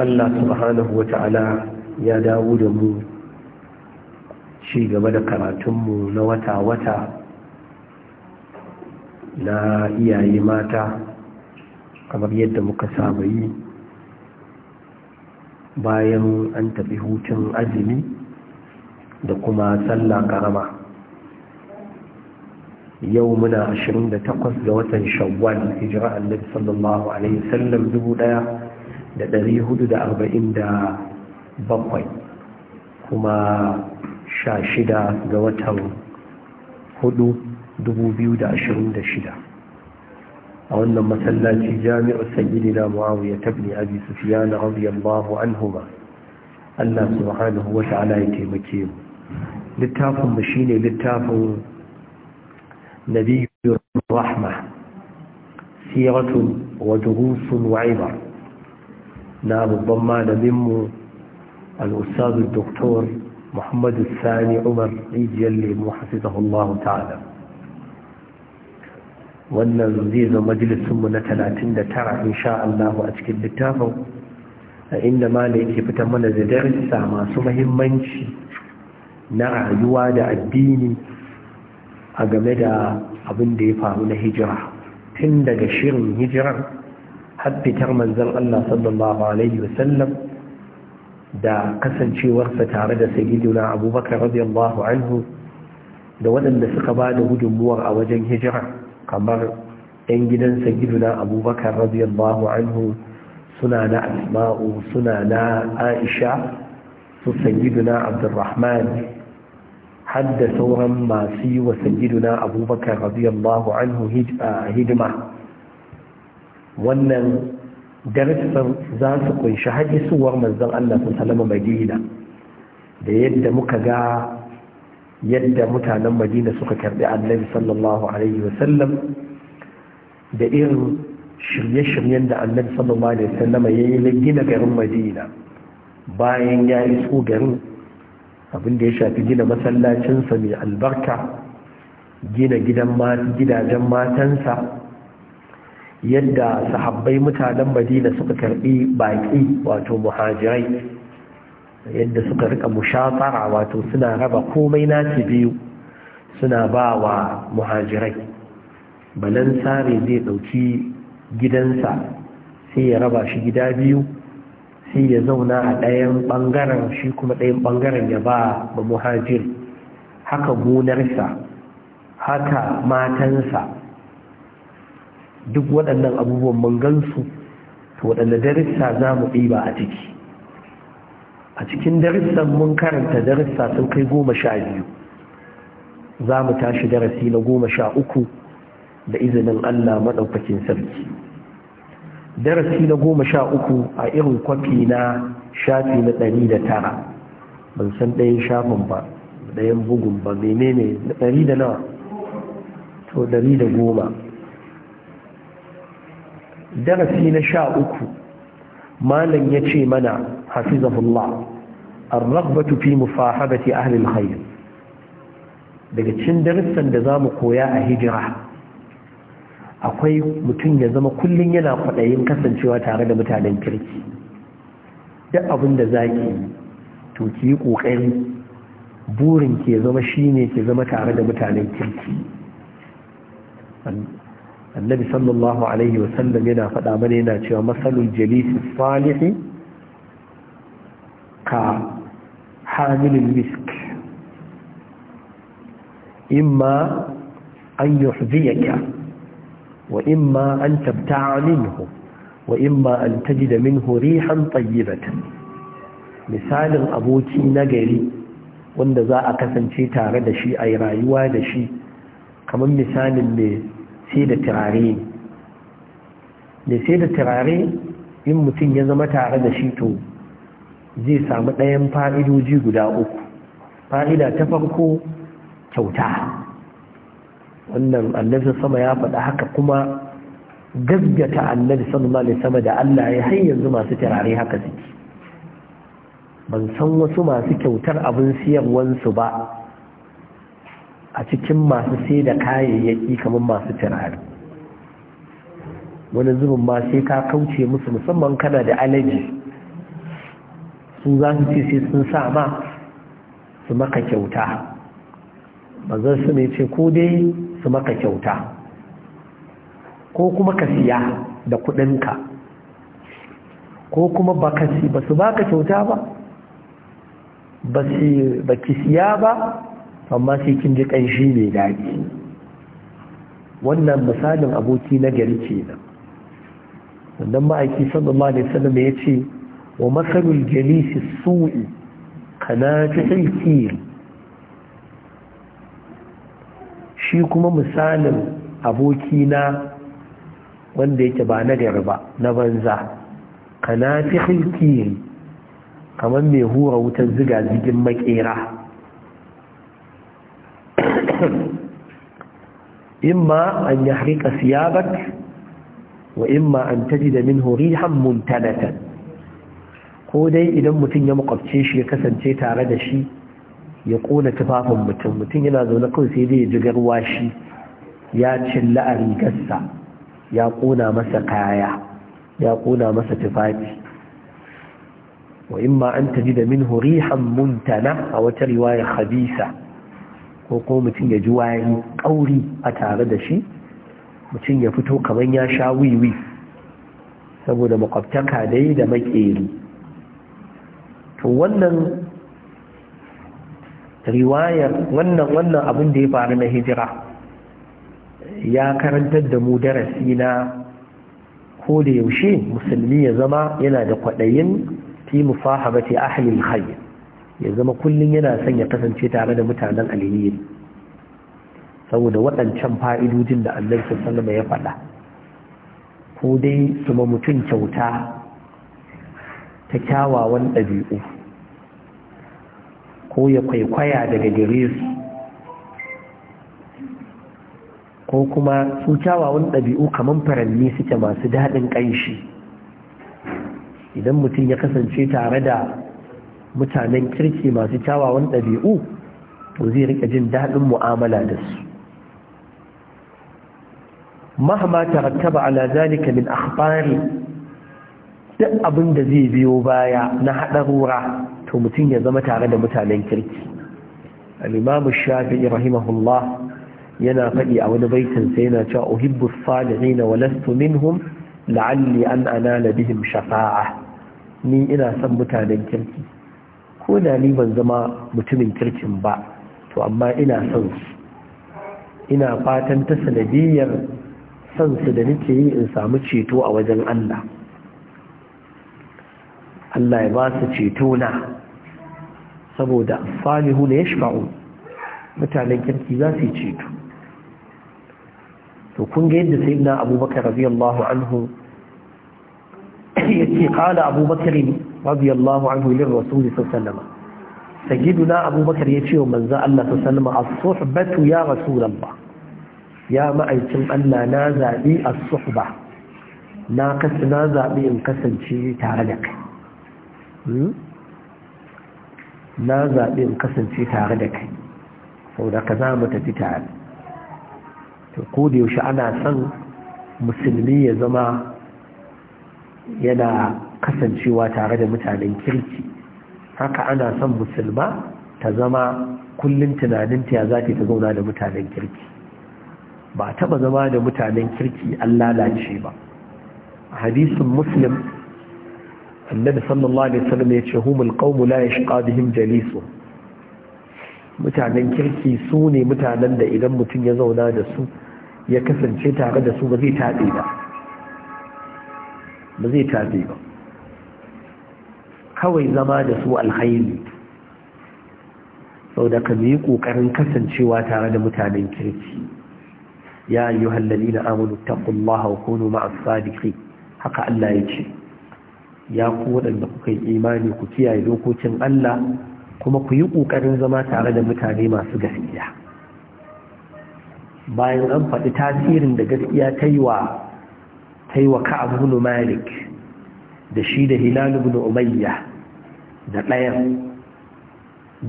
Allah subhanahu wa ta'ala ya dawo da mu ci gaba da karatunmu na wata-wata na iyaye mata kamar yadda muka saba yi bayan an tafi hutun azumi da kuma sallah karama yau muna 28 ga watan shawwal hijira annabi sallallahu alaihi sallam dubu ɗaya da ɗari hudu da arba'in da bakwai kuma sha shida ga watan hudu dubu biyu da ashirin da shida a wannan masallaci jami'ar sayyidina na tabni abi sufyan radiyallahu anhuma Allah subhanahu wa ta'ala ya taimake mu littafin mu shine littafin nabiyyu rahma siratun wa durusun na babban malaminmu al'usadu doktor muhammadu sani umar rijiyar lemu hasitahullahu ta'ala wannan zai zo majalisunmu na 39 insha Allah a cikin littafin a inda mala yake fitar mana da darussa masu mahimmanci na rayuwa da addini a game da abin da ya faru na hijira tun daga shirin hijirar haffitar manzon Allah sallallahu alaihi wasallam da kasancewarsa tare da sayyiduna abubakar radiyallahu anhu da waɗanda suka ba da gudunmuwar a wajen hijira kamar 'yan gidan sayyiduna abubakar radiyallahu anhu suna na asma'u suna na aisha su sayyiduna abdurrahman hadda sauran masu yi wa sayyiduna abubakar radiyallahu anhu hidima wannan darussan za su kunshi suwar manzan Allah sun salama Madina da yadda muka ga yadda mutanen Madina suka karɓi annabi sallallahu alaihi wasallam da irin shirye-shiryen da annabi sallallahu alaihi wasallam ya yi gina garin Madina bayan ya yi iso garin abinda ya shafi gina masallacinsa mai albarka gina gidajen matansa yadda sahabbai mutanen madina suka karbi baki wato muhajirai yadda suka rika mushatara wato suna raba komai naci biyu suna ba wa muhajirai balan Sare zai dauki gidansa sai ya raba shi gida biyu sai ya zauna a ɗayan ɓangaren shi kuma ɗayan ɓangaren ya ba ba muhajir haka gonarsa haka matansa duk waɗannan abubuwan mun su waɗanda darissa za mu ɗiba a ciki a cikin darissan mun karanta darissa sun kai goma sha biyu za mu tashi darasi na goma sha uku da izinin Allah maɗaukakin sarki darasi na goma sha uku a irin kwafi na shafi na ɗari da tara ban san ɗayan shafin ba ɗayan bugun ba menene ɗari da nawa to ɗari da goma darasi na sha uku malam ya ce mana hafizahullah الرغبة في مصاحبة أهل الخير daga cikin darussan da za mu koya a hijira akwai mutum ya zama kullum yana kwaɗayin kasancewa tare da mutanen kirki duk abin da za ki to ki yi ƙoƙari burin ke zama shine ke zama tare da mutanen kirki annabi sallallahu alaihi wasallam yana faɗa mana yana cewa masalul jalisi salihi ka hamilin misk imma an yuhziyaka wa imma an tabta'a minhu wa imma an tajida minhu rihan tayyibatan misalin aboki nagari wanda za a kasance tare da shi a rayuwa da shi kamar misalin mai saida turare da sai da turare in mutum ya zama tare da shi to zai samu ɗayan fa'idoji guda uku fa'ida ta farko kyauta wannan annabin sama ya faɗa haka kuma gaggata annabi sallallahu ne sama da Allah ya har yanzu masu turare haka suke ban san wasu masu kyautar abin siyarwansu ba a cikin masu sai da kayayyaki kamar masu turare wani zubin ma sai ka kauce musu musamman kana da alaji su za su ce sai sun sa ma su maka kyauta bazan su mai ce ko dai su maka kyauta ko kuma ka siya da kudinka ko kuma ba ka si ba su baka kyauta ba ba ki siya ba amma sai kin ji ƙanshi mai daɗi wannan misalin aboki na gari ke nan sannan ma'aiki sallallahu alaihi wasallam ya ce wa masalul jalisi su'i kana ta shi kuma misalin aboki na wanda yake ba na gari ba na banza kana ta kamar mai hura wutar ziga zigin makera imma an yahrika siyabak wa imma an tajida minhu rihan muntanatan ko dai idan mutum ya makwabce shi ya kasance tare da shi ya kona tufafin mutum mutum yana zaune kawai sai zai ji garwa shi ya cilla a rigarsa ya kona masa kaya ya kona masa tufafi wa imma an tajida minhu rihan muntana a wata riwaya khabisa ko kuma mutum ya ji wayar ƙauri a tare da shi mutum ya fito kamar ya sha wiwi saboda makwabtaka dai da makeri to wannan riwayar wannan wannan abin da ya faru na hijira ya karantar da mu darasi na ko da yaushe musulmi ya zama yana da kwaɗayin fi musahabati ahalin khayr ya zama kullum yana son ya kasance tare da mutanen alheri saboda waɗancan fa'idojin da Allah sallama ya faɗa ko dai su ma mutum kyauta ta kyawawan ɗabi'u ko ya kwaikwaya daga gare su ko kuma su kyawawan ɗabi'u kamar faranni suke masu daɗin ƙanshi idan mutum ya kasance tare da mutanen kirki masu kyawawan ɗabi'u to zai rika jin daɗin mu'amala da su mahama rattaba ala min akhbari duk abin da zai biyo baya na haɗarura to mutum ya zama tare da mutanen kirki Alimamin shafi'i rahimahullah yana faɗi a wani baitin yana cewa uhibbu as-salihin wa lastu minhum la'alli an anala bihim shafa'a ni ina son mutanen kirki ko da ni ban zama mutumin kirkin ba to amma ina son su ina fatan ta sanadiyar son su da nake yi in samu ceto a wajen Allah Allah ya ba su ceto na saboda salihu ne ya shafa'u mutanen kirki za su ceto to kun ga yadda sai na abubakar radiyallahu anhu ya ce Abubakar abubakarin radiyallahu anhu lir rasul sallallahu alaihi sayyiduna abubakar ya ce wa manzo Allah sallallahu alaihi as-suhbatu ya rasulullah ya ma'aikin Allah na zabi as-suhba na kasu in kasance tare da kai hmm? na zabi in kasance tare da kai saboda ka za mu tafi tare to ko yaushe ana son musulmi ya zama yana kasancewa tare da mutanen kirki haka ana son musulma ta zama kullum tunaninta ya za ta zauna da mutanen kirki ba taba zama da mutanen kirki an lalace ba hadisin muslim annabi sallallahu alaihi wasallam ya ce humul qawmu la yashqa bihim jalisu mutanen kirki su ne mutanen da idan mutum ya zauna da su ya kasance tare da su ba zai taɗe ba ba zai tafi ba kawai zama da su alhaini sau da ka yi ƙoƙarin kasancewa tare da mutanen kirki ya yi hallari na amonu taƙullaha hukunu ma'asadiki haka Allah ya ce ya ku waɗanda kuka yi imani ku kiyaye dokokin Allah kuma ku yi ƙoƙarin zama tare da mutane masu gaskiya bayan an faɗi tasirin da gaskiya ta yi wa ta yi wa ka'ab ibn malik da shi da hilal ibn umayya da ɗayan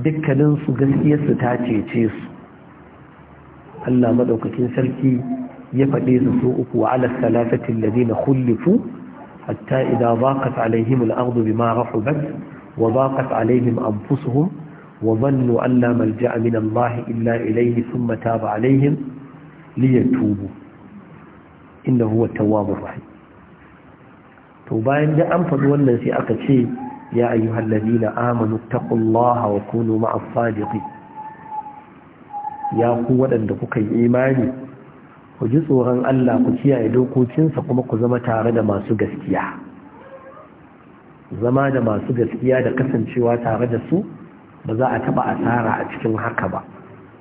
dukkaninsu gaskiyarsu ta cece su Allah madaukakin sarki ya faɗe su su uku wa ala salafatin ladina khullifu hatta idza bakas alaihim al-ardu bima rahubat wa daqat alaihim anfusuhum wa dhannu an la malja'a min Allah illa ilayhi thumma taba alaihim liyatubu inda huwa tawwabur rahim to bayan da an faɗi wannan sai aka ce ya ayyuhal ladina amanu taqullaha wa kunu ma'as sadiqin ya ku waɗanda kuka yi imani ku ji tsoron Allah ku kiyaye dokokinsa kuma ku zama tare da masu gaskiya zama da masu gaskiya da kasancewa tare da su ba za a taba asara a cikin haka ba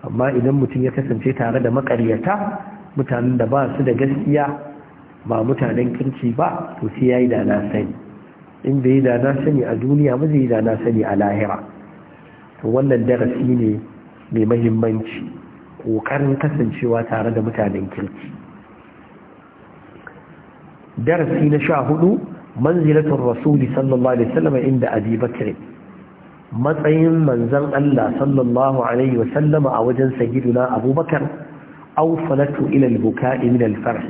amma idan mutum ya kasance tare da maƙaryata. mutanen da ba su da gaskiya ba mutanen kirki ba to sai ya yi da na sani in bai yi da na sani a duniya ba zai yi da na sani a lahira to wannan darasi ne mai mahimmanci ƙoƙarin kasancewa tare da mutanen kirki darasi na sha hudu manzilatun rasuli sallallahu alaihi wasallam inda abi bakr matsayin manzon Allah sallallahu alaihi wasallama a wajen sayyiduna abubakar awsalatu ila al-buka'i min al-farh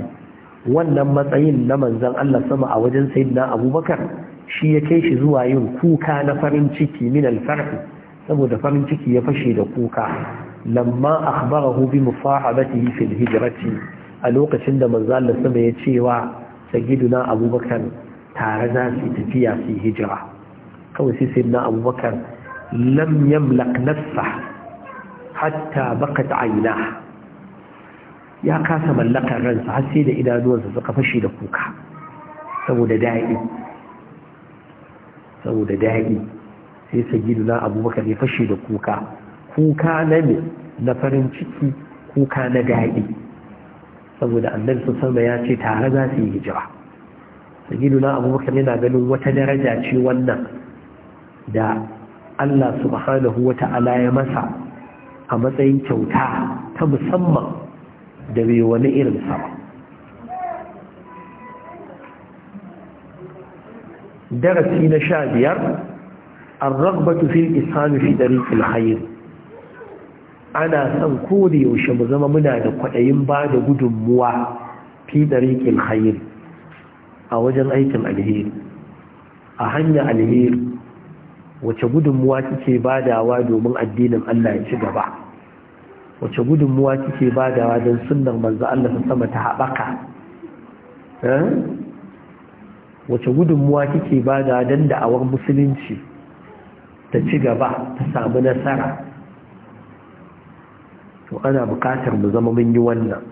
wannan matsayin na manzon Allah sama a wajen sayyidina Abubakar shi ya kai shi zuwa yin kuka na farin ciki min al-farh saboda farin ciki ya fashe da kuka lamma akhbarahu bi musahabatihi fil hijrati a lokacin da manzon Allah sama ya cewa sayyidina Abubakar tare za su tafiya su hijira kawai sai sayyidina Abubakar lam yamlak nafsa hatta bakat aynahu ya kasa mallakar ransa har sai da idanuwansa suka fashe da kuka saboda da'i saboda da'i sai sagidu na abubakar ya fashe da kuka kuka na ne na farin ciki kuka na da'i saboda annabi su sama ya ce tare za su yi hijira sagidu na abubakar yana ganin wata daraja ce wannan da Allah subhanahu wa ta'ala ya masa a matsayin kyauta ta musamman da bai wani irin sama darasi na sha biyar an ragbatu fil islami fi ɗariƙin hayir ana son ko da yaushe mu zama muna da kwaɗayin ba da gudunmuwa fi ɗariƙin hayir a wajen aikin alheri a hanyar alheri wace gudunmuwa kike badawa domin addinin Allah ya ci gaba wace gudunmuwa kike badawa don sunan manzo Allah sama ta haɓaka eh? wace gudunmuwa kike badawa don da'awar musulunci ta ci gaba ta samu nasara to ana bukatar mu zama mun yi wannan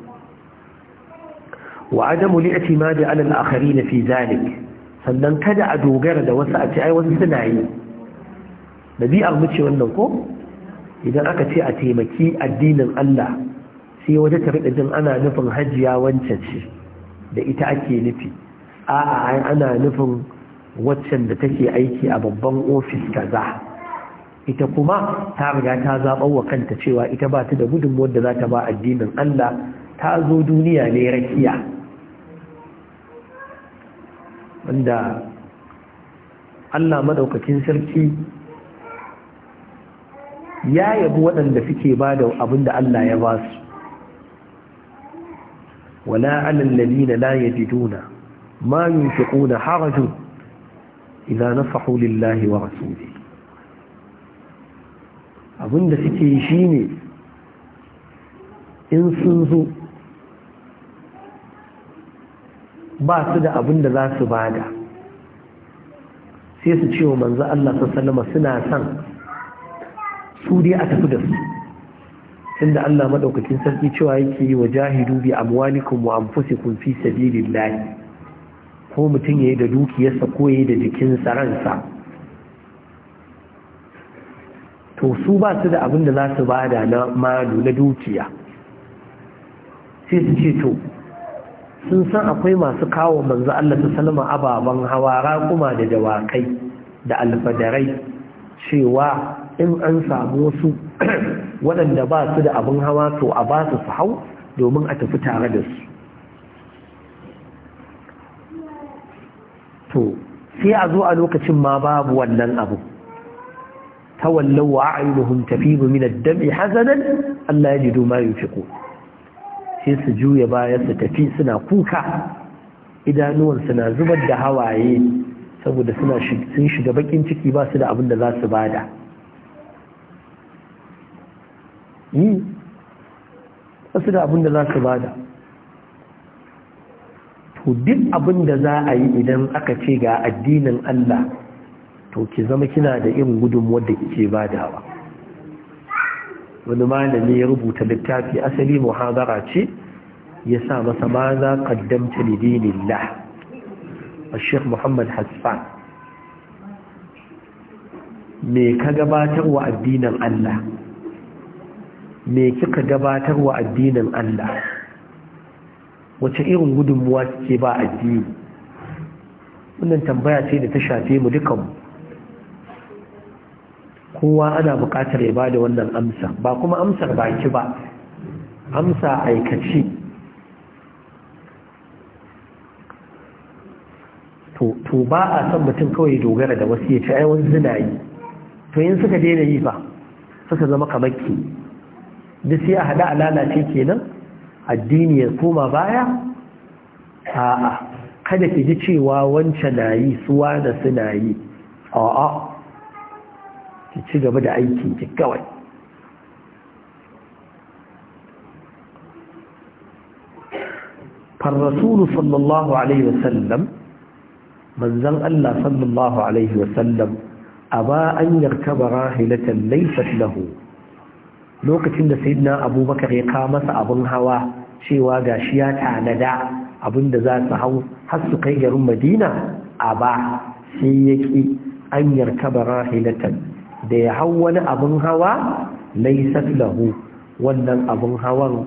wa adamu li'timadi 'ala al-akharin fi zalik sannan kada a dogara da wasu a ci ai wasu suna yi dabi'ar mu ce wannan ko idan aka ce a taimaki addinin Allah sai wata ta rika jin ana nufin hajiya wancan ce da ita ake nufi a'a ana nufin waccan da take aiki a babban ofis kaza ita kuma ta riga ta zaɓar wa kanta cewa ita ba ta da gudunmuwar da za ta ba addinin Allah ta zo duniya ne rakiya wanda Allah maɗaukakin sarki ya yabi waɗanda suke ba da abin da Allah ya ba su wala alal ladina la yajiduna ma yunfiquna harajun idza na lillahi wa rasulihi abin da suke yi shine in sun zo ba su da abin da za su da sai su ce wa manzo Allah sallallahu alaihi suna san su dai a tafi da su inda Allah madaukakin sarki cewa yake yi wa jahidu bi amwalikum wa anfusikum fi sabilillah ko mutum yayi da dukiyarsa ko yayi da jikinsa ransa to su ba su da abin da za su bada na malu na dukiya sai su ce to sun san akwai masu kawo manzo Allah ta salama ababen hawa raƙuma da dawakai da alfadarai cewa in an samu wasu waɗanda ba su da abin hawa to a ba su su hau domin a tafi tare da su to sai a zo a lokacin ma babu wannan abu tawallau wa ainihin tafi min minar dami hazanan Allah ya jido ma yunfiqu sai su juya baya su tafi suna kuka idanuwansu na zubar da hawaye saboda suna sun shiga bakin ciki ba su da abin da za su bada yi wasu da abin da za su bada to duk abin da za a yi idan aka ce ga addinin Allah to ki zama kina da irin gudun da kike badawa wani malami ya rubuta littafi asali muhabara ce ya sa masa ma za kaddamta la a sheikh muhammad hassan me ka gabatar wa addinin Allah me kika gabatar wa addinin Allah wace irin gudunmuwa kike ba addini wannan tambaya ce da ta shafe mu dukan kowa ana buƙatar ya bada wannan amsa ba kuma amsar baki ba amsa aikace to ba a son mutum kawai dogara da wasu ya ci ai wani to yin suka daina yi fa suka zama kamar ki duk ya hada a lalace kenan addini ya koma baya a a kada ki ji cewa wancan na yi suwa da suna yi a a ki ci gaba da aikin ki kawai farrasulu sallallahu alaihi wa wasallam manzan Allah sallallahu alaihi wasallam a ba an yarka bara hilatan laifat lahu lokacin da sayyidina abubakar ya kawo masa abin hawa cewa ga shi ya tanada abin da za su hau har su kai garin madina a ba sai ya ƙi an yarka rahilatan da ya hau wani abin hawa laisat lahu wannan abin hawan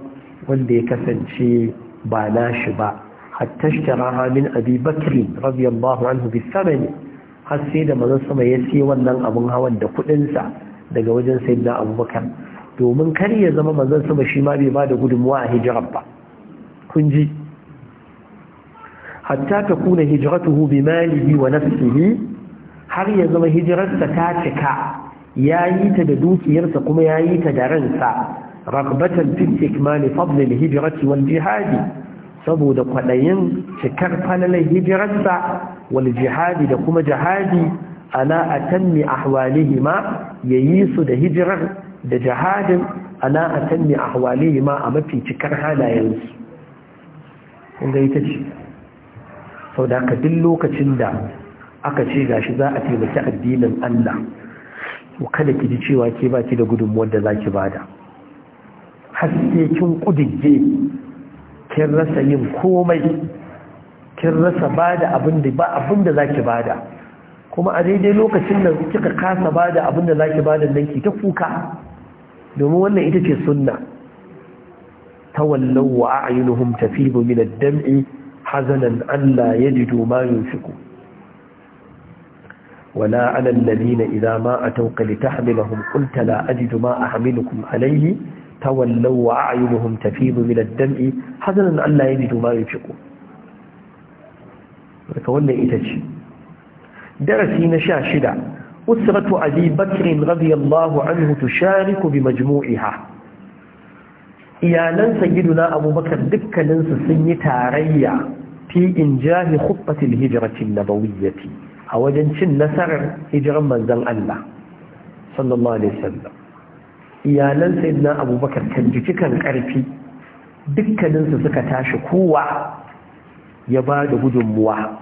wanda ya kasance ba na shi ba hatta shara min abi bakri radiyallahu anhu bi thamani har sai da manzon sama ya siya wannan abin hawan da kuɗinsa daga wajen sayyidina abubakar domin kar ya zama manzon sama shi ma bai ba da gudunmuwa a hijirar ba kun ji hatta ta kuna hijratuhu bi malihi wa nafsihi har ya zama hijirarsa ta cika ya yi ta da dukiyarsa kuma ya yi ta da ransa rakbatan fi ikmali fadlil hijrati wal jihadi saboda kwadayin cikar falalar hijirarsa wal jihadi da kuma jihadi ana atammi ahwalihima yayi su da hijirar da jihadin ana a tanni a hawali ma a mafi cikar halayensu inda ita ce sau da aka duk lokacin da aka ce gashi za a taimaki addinin allah kada ki ji cewa ke ki da gudunmuwar da za ki bada haske kin kudige kin rasa yin komai kin rasa bada abin da ba da bada kuma a daidai lokacin da kika kasa bada abin da ba bada nan ki ta kuka domin wannan ita ce sunna ta wallon wa a ainihin tafi domin dam'i hazanan allah ya ji doma fi ku wala anan lalina idama a taukali ta hamila hunkulta la'aji doma a hamila kuma alayhi ta wallon wa a ainihin tafi domin dam'i hazanan allah ya ji doma yin fi ku darasi na sha shida أسرة أبي بكر رضي الله عنه تشارك بمجموعها إيالاً سيدنا أبو بكر دكا ننسى سنة تاريا في إنجاه خطة الهجرة النبوية أولاً نسر هجرة من ذن الله صلى الله عليه وسلم iyalan sayyidina abubakar kan jiki kan karfi dukkaninsu suka tashi kowa ya ba da gudunmuwa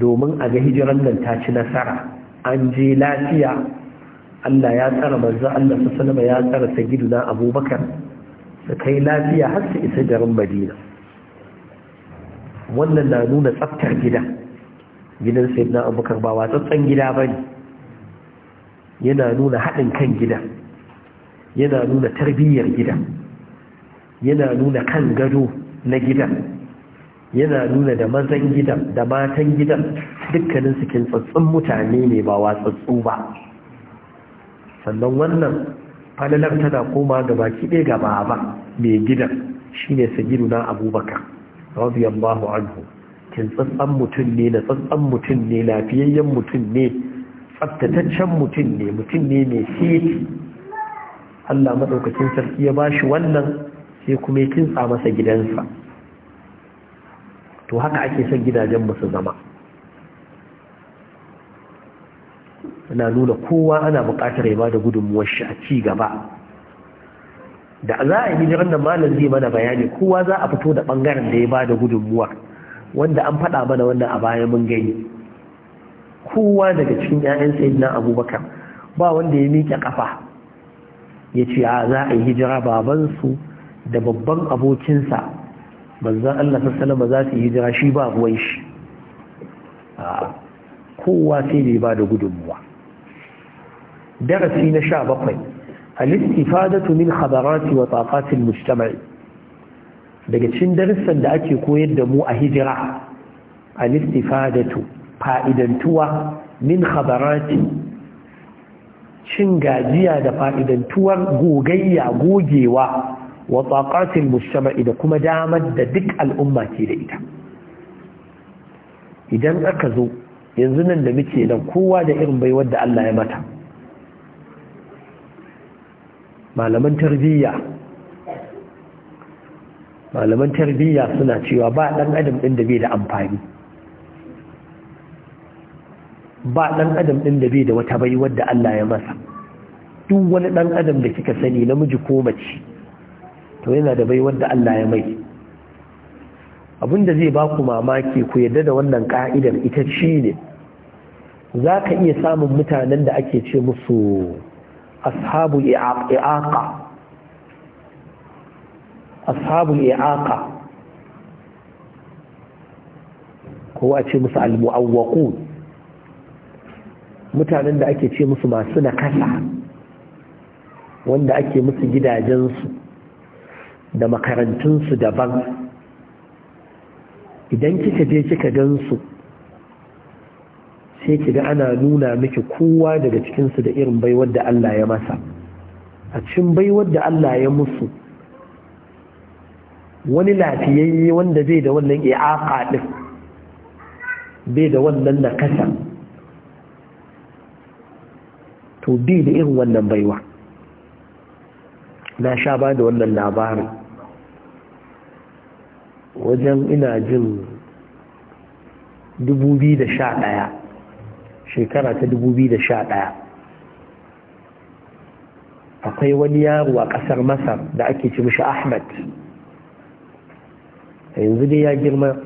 domin a ga hijiran nan ta ci nasara an je lafiya Allah ya tsara manzo Allah sallama ya tsara sayyiduna Abubakar su kai lafiya har su isa garin Madina wannan na nuna tsaftar gida gidan sayyidina Abubakar ba watsattsan gida bane yana nuna haɗin kan gida yana nuna tarbiyyar gida yana nuna kan gado na gidan yana nuna da mazan gidan da matan gidan dukkanin su tsatsun mutane ne ba watsatsu ba sannan wannan falalar tana koma ga baki ɗaya ga baba mai gidan shine na abubakar radiyallahu anhu tsatsan mutum ne na tsatsan mutum ne lafiyayyen mutum ne tsaftataccen mutum ne mutum ne mai seti Allah maɗaukacin sarki ya bashi wannan sai kuma ya kintsa masa gidansa to haka ake son gidajen musu zama ana nuna kowa ana bukatar ya ba da gudunmuwar shi a ci gaba da za a yi hijiran da malam zai mana bayani kowa za a fito da ɓangaren da ya ba da gudunmuwar wanda an faɗa mana wannan a baya mun gani kowa daga cikin 'ya'yan na abubakar ba wanda ya miƙe ƙafa ya ce za a yi hijira babansu da babban abokinsa manzan Allah sassalama za su yi jira shi ba ruwan shi kowa sai ne ba da gudunmuwa darasi na sha bakwai al-istifadatu min khabarati wa taqatil mujtama'i daga cikin darussan da ake koyar da mu a hijira al-istifadatu fa'idantuwa min khabarati cin gajiya da fa'idantuwar gogayya gogewa wa taqatil mujtama'i da kuma damar da duk al'umma ke da ita idan aka zo yanzu nan da muke nan kowa da irin bai wadda Allah ya mata malaman tarbiyya malaman tarbiyya suna cewa ba ɗan adam ɗin da bai da amfani ba ɗan adam ɗin da bai da wata bai wadda Allah ya masa duk wani ɗan adam da kika sani namiji ko mace to yana da bai wanda Allah ya mai da zai baku mamaki ku yadda da wannan ka'idar ita ci ne za ka iya samun mutanen da ake ce musu ashabu i'aqa ashabu i'aqa ko a ce musu al-mu'awwaqun mutanen da ake ce musu masu nakasa wanda ake musu gidajensu da makarantunsu daban idan kika je kika gan su, sai kiga ana nuna miki kowa daga cikinsu da irin baiwar da Allah ya masa a cikin baiwar da Allah ya musu wani lafiyayye wanda zai da wannan i'aqa din bai da wannan nakasa to bai da irin wannan baiwa na sha ba da wannan labarin wajen ina jin 2011 shekara ta 2011 akwai wani yaro a ƙasar masar da ake ci mishi ahmad yanzu dai ya girma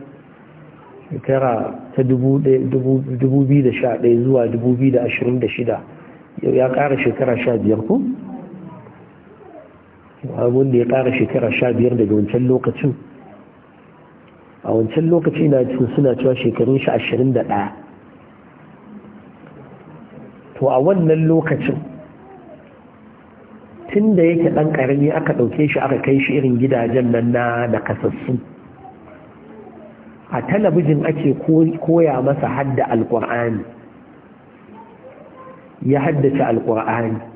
shekara ta 2011 zuwa 2026 ya ƙara shekara 15 ku. da ya ƙara shekara sha biyar daga wancan lokacin a wancan lokacin na cikin suna cewa shekarun shi ashirin da ɗaya to a wannan lokacin tun da yake ɗan ƙarami aka ɗauke shi aka kai shi irin gidajen nan na da kasassu, a talabijin ake koya masa hadda alƙur'ani ya haddace alƙur'ani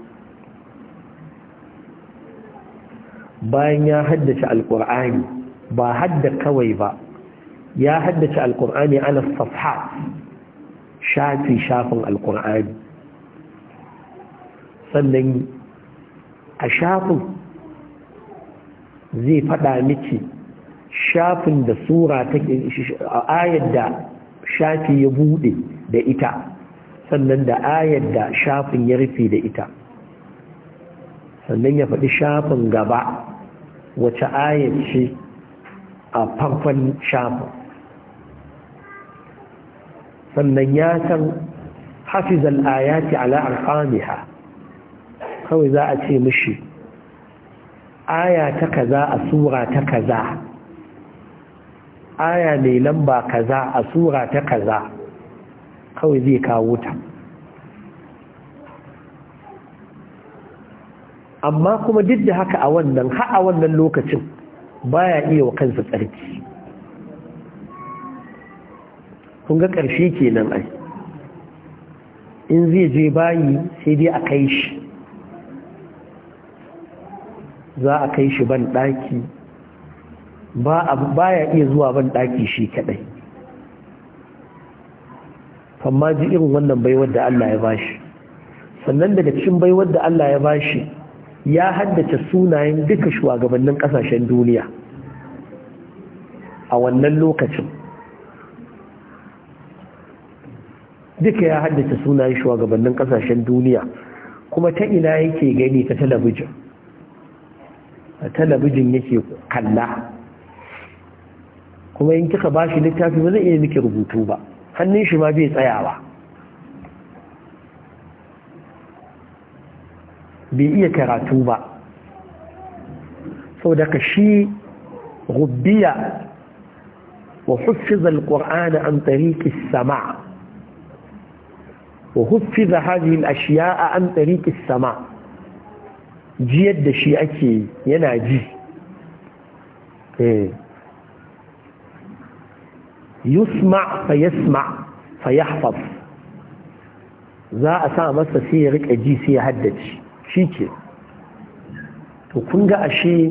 bayan ya haddace alkur'ani ba hadda kawai ba ya haddace alkur'ani ana safha shafi shafin alkur'ani sannan a shafin zai fada miki shafin da sura ta ayar da shafi ya bude da ita sannan da ayar da shafin ya rufe da ita sannan ya faɗi shafin gaba wace aya a farkon shafin sannan ya san hafizal ayati ala arqamiha kawai za a ce mishi aya ta kaza a sura ta kaza aya mai lamba kaza a sura ta kaza kawai zai kawo ta amma kuma duk da haka a wannan ha a wannan lokacin baya iya wa kansa tsarki kun ga ƙarshe kenan ai in zai je bayi sai dai a kai shi za a kai shi ban ɗaki ba ya iya zuwa ban ɗaki shi kaɗai amma ji irin wannan baiwar da Allah ya bashi sannan daga cikin baiwar da Allah ya bashi ya haddace sunayen duka shugabannin kasashen duniya a wannan lokacin duka ya haddace sunayen shugabannin kasashen duniya kuma ta ina yake gani ta talabijin a talabijin yake kalla kuma in kika ba shi littafi ba zai iya nike rubutu ba hannun shi ma bai tsayawa bai iya karatu ba sau daga shi rubiya wa huffizal ƙur'ana an tariki sama wa huffiza hajjil a an tariki sama jiyar da shi ake yana ji eh. yusma fa yasma fa yahfaz za a sa masa sai ya rika ji sai ya haddace shi ke to kun ga ashe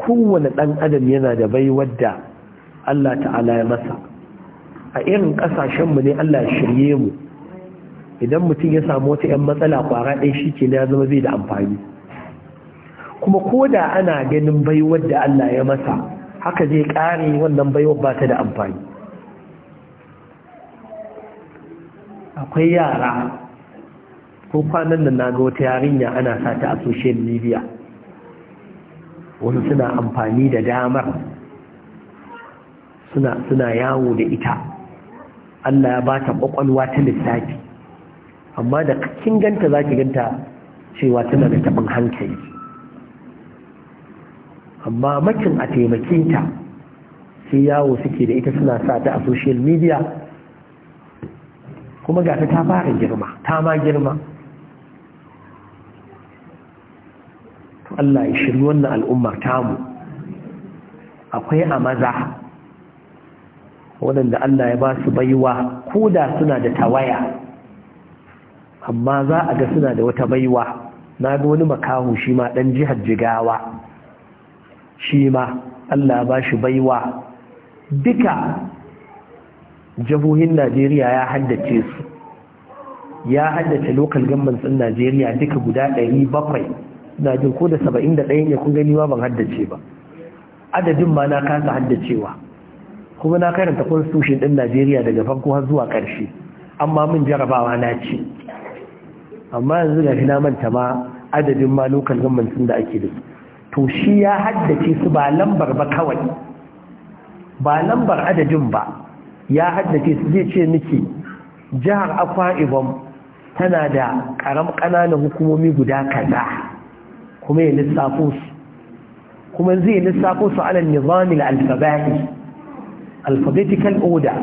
kowane ɗan adam yana da bai wadda Allah ta'ala ya masa a irin mu ne Allah ya shirye mu idan mutum ya samu wata 'yan matsala kwara ɗaya shi ke ya zama zai da amfani kuma ko da ana ganin baiwar da Allah ya masa haka zai ƙare wannan baiwar ba ta da amfani akwai yara ko kwanan nan na ga wata yarinya ana sa ta a social media wasu suna amfani da damar suna yawo da ita Allah ya ba ta kwakwalwa ta lissafi amma da kin ganta za ki ganta cewa tana da taɓin hankali amma makin a taimakinta sai yawo suke da ita suna sa ta a social media kuma ga ta fara girma ta ma girma Allah ya shiri wannan al'ummar tamu akwai a maza waɗanda Allah ya ba su baiwa ko da suna da tawaya amma za a ga suna da wata baiwa na ga wani makahu shi ma ɗan jihar jigawa shi ma Allah ba shi baiwa duka jihohin Najeriya ya haddace su ya haddace lokal gammansin Najeriya duka guda ɗari bakwai. na jin ko da saba'in da ya kun gani ma ban haddace ba adadin ma na kasa haddacewa kuma na karanta constitution ɗin najeriya daga farko har zuwa ƙarshe amma min jarabawa na ce amma yanzu ga shi na manta ma adadin ma local government da ake da to shi ya haddace su ba lambar ba kawai ba lambar adadin ba ya haddace su zai ce miki jihar akwa ibom tana da karam ƙananan hukumomi guda kaza kuma ya lissafo su kuma zai lissafo su ala nizamin alfabati alfabetical order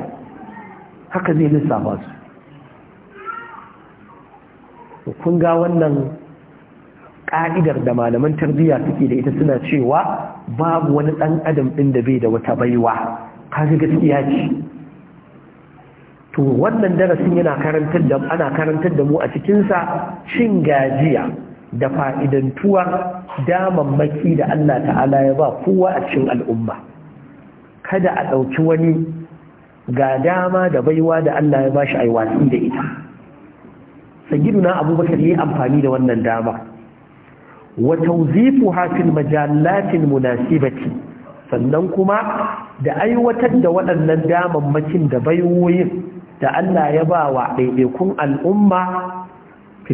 haka zai lissafa su kun ga wannan ƙa'idar da malaman tarbiyya suke da ita suna cewa babu wani ɗan adam ɗin da bai da wata baiwa kaga gaskiya ce to wannan darasin yana karantar da ana karantar da mu a cikinsa cin gajiya da fa'idantuwa damammaki da Allah ta'ala ya ba kowa a cikin al'umma kada a ɗauki wani ga dama da baiwa da Allah ya ba shi aiwatsi da ita sayyiduna abubakar yi amfani da wannan dama wa tawzifu hafil majallatin munasibati sannan kuma da aiwatar da waɗannan damammakin da baiwoyin da Allah ya ba wa ɗaiɗaikun al'umma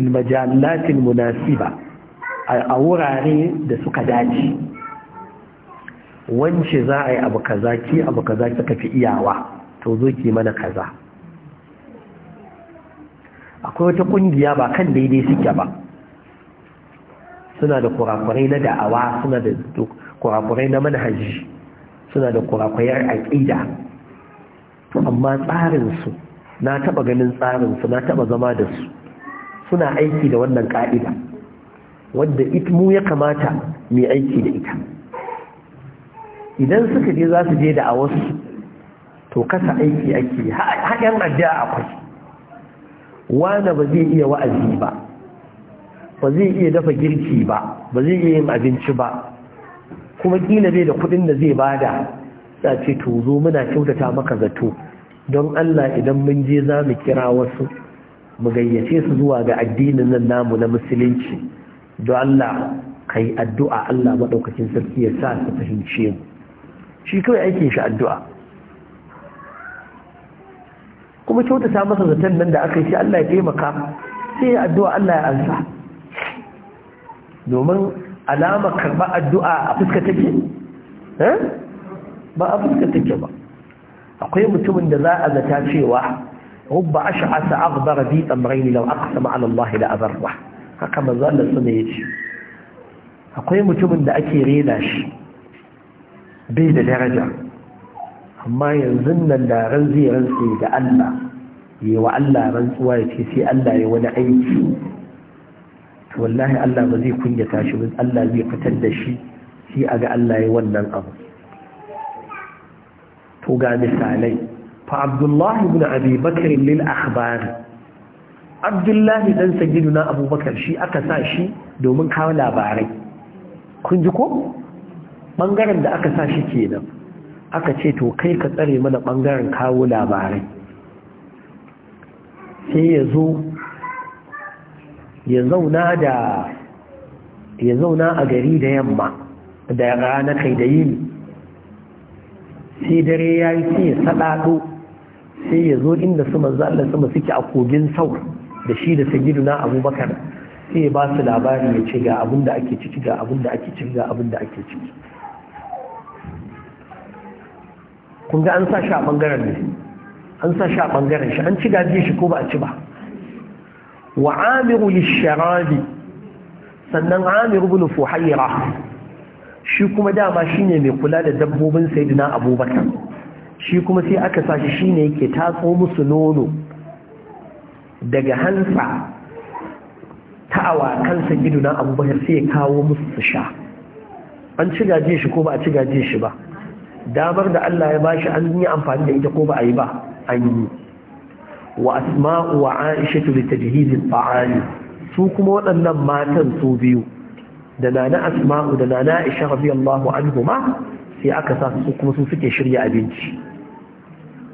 fil munasiba a wurare da suka dace wance za a yi abu kaza ki abu kaza ki, ka fi iyawa to zo ki mana kaza akwai wata kungiya ba kan daidai suke ba suna da kurakurai na da'awa suna da kurakurai na manhaji suna da kurakurayar aƙida amma tsarinsu na taɓa ganin tsarinsu na taɓa zama da su suna aiki da wannan ka'ida wadda mu ya kamata mai aiki da ita idan suka je za su je da a wasu to kasa aiki ake haɗin addu'a akwai wane ba zai iya wa'azi ba ba zai iya dafa girki ba ba zai iya yin abinci ba kuma kila bai da kudin da zai bada ya ce to zo muna kyautata maka zato don Allah idan mun je za mu kira wasu mu gayyace su zuwa ga addinin nan namu na musulunci don Allah kai addu'a Allah maɗaukacin sarki ya sa su fahimce mu shi kawai aikin shi addu'a kuma kyautata masa zaton nan da aka yi shi Allah ya taimaka sai ya addu'a Allah ya ansa domin alama karɓa addu'a a fuska take eh? ba a fuska take ba akwai mutumin da za a zata cewa rubba ash'asa aghbara bi tamrayn law aqsama ala Allah la abarra haka manzo Allah sunne yace akwai mutumin da ake rena shi bai da daraja amma yanzu nan da ran zai rantsi da Allah yi wa Allah rantsuwa ya ce sai Allah ya wani aiki to wallahi Allah ba zai kunyata shi ba Allah zai fitar da shi sai aga ga Allah ya wannan abu to ga misalai فعبد الله بن أبي بكر للأخبار عبد الله abubakar shi أبو بكر shi domin kawo labarai. Kun ji كنجكو ɓangaren da aka sa shi kenan aka ce to kai ka tsare mana ɓangaren kawo labarai sai ya zo ya zauna a gari da yamma da rana kai da yini sai dare ya yi sai ya saɗaɗo sai ya zo inda su manzo Allah sama suke a kogin saur da shi da sayyiduna Abubakar sai ya ba su labari ya ce ga abin da ake ciki ga abin da ake ciki ga abin da ake ciki kun ga an sa shi a bangaren ne an sa shi a bangaren shi an ci gaje shi ko ba a ci ba wa amiru lisharabi sannan Amiru bin fuhayra shi kuma dama shine mai kula da dabbobin sayyidina Abubakar shi kuma sai aka sashi shine yake taso musu nono daga hansa ta awakansa na abubakar sai ya kawo musu su sha an ci gaje shi ko ba a ci gaje shi ba damar da Allah ya bashi an yi amfani da ita ko ba a yi ba an yi wa asma'u wa aisha tu litajhiz al su kuma waɗannan matan su biyu da nana asma'u da nana aisha radiyallahu anhuma sai aka sa su kuma su suke shirya abinci